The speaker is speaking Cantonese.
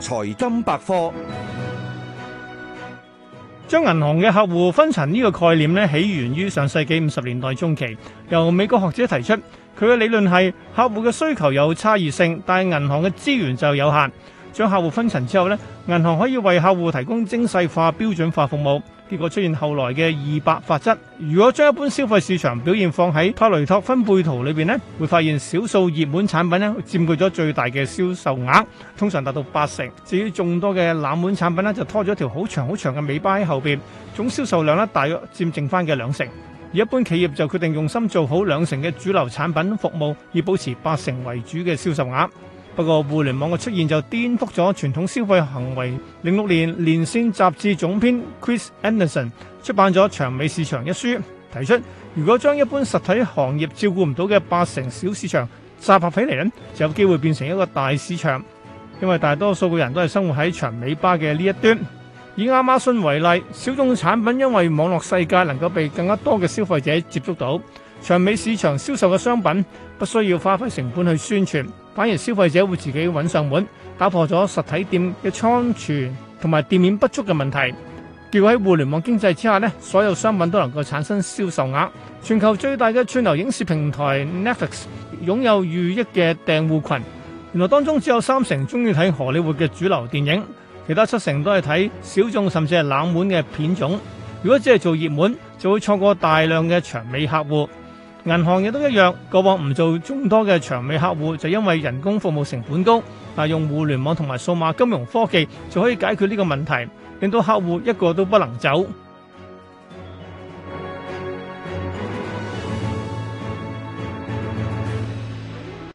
財金百科將銀行嘅客戶分層呢個概念咧，起源於上世紀五十年代中期，由美國學者提出。佢嘅理論係客戶嘅需求有差異性，但係銀行嘅資源就有限。將客戶分層之後咧，銀行可以為客戶提供精細化、標準化服務。結果出現後來嘅二八法則。如果將一般消費市場表現放喺托雷托分佈圖裏邊咧，會發現少數熱門產品咧佔據咗最大嘅銷售額，通常達到八成。至於眾多嘅冷門產品咧，就拖咗條好長、好長嘅尾巴喺後邊，總銷售量咧大約佔剩返嘅兩成。而一般企業就決定用心做好兩成嘅主流產品服務，以保持八成為主嘅銷售額。不過，互聯網嘅出現就顛覆咗傳統消費行為。零六年，連線雜誌總編 Chris Anderson 出版咗《長尾市場》一書，提出如果將一般實體行業照顧唔到嘅八成小市場集合起嚟咧，就有機會變成一個大市場。因為大多數嘅人都係生活喺長尾巴嘅呢一端。以亞馬遜為例，小眾產品因為網絡世界能夠被更加多嘅消費者接觸到，長尾市場銷售嘅商品不需要花費成本去宣傳。反而消費者會自己揾上門，打破咗實體店嘅倉儲同埋店面不足嘅問題。結果喺互聯網經濟之下呢，所有商品都能夠產生銷售額。全球最大嘅串流影視平台 Netflix 擁有逾億嘅訂戶群。原來當中只有三成鍾意睇荷里活嘅主流電影，其他七成都係睇小眾甚至係冷門嘅片種。如果只係做熱門，就會錯過大量嘅長尾客戶。銀行亦都一樣，過往唔做咁多嘅長尾客戶，就因為人工服務成本高。但用互聯網同埋數碼金融科技就可以解決呢個問題，令到客戶一個都不能走。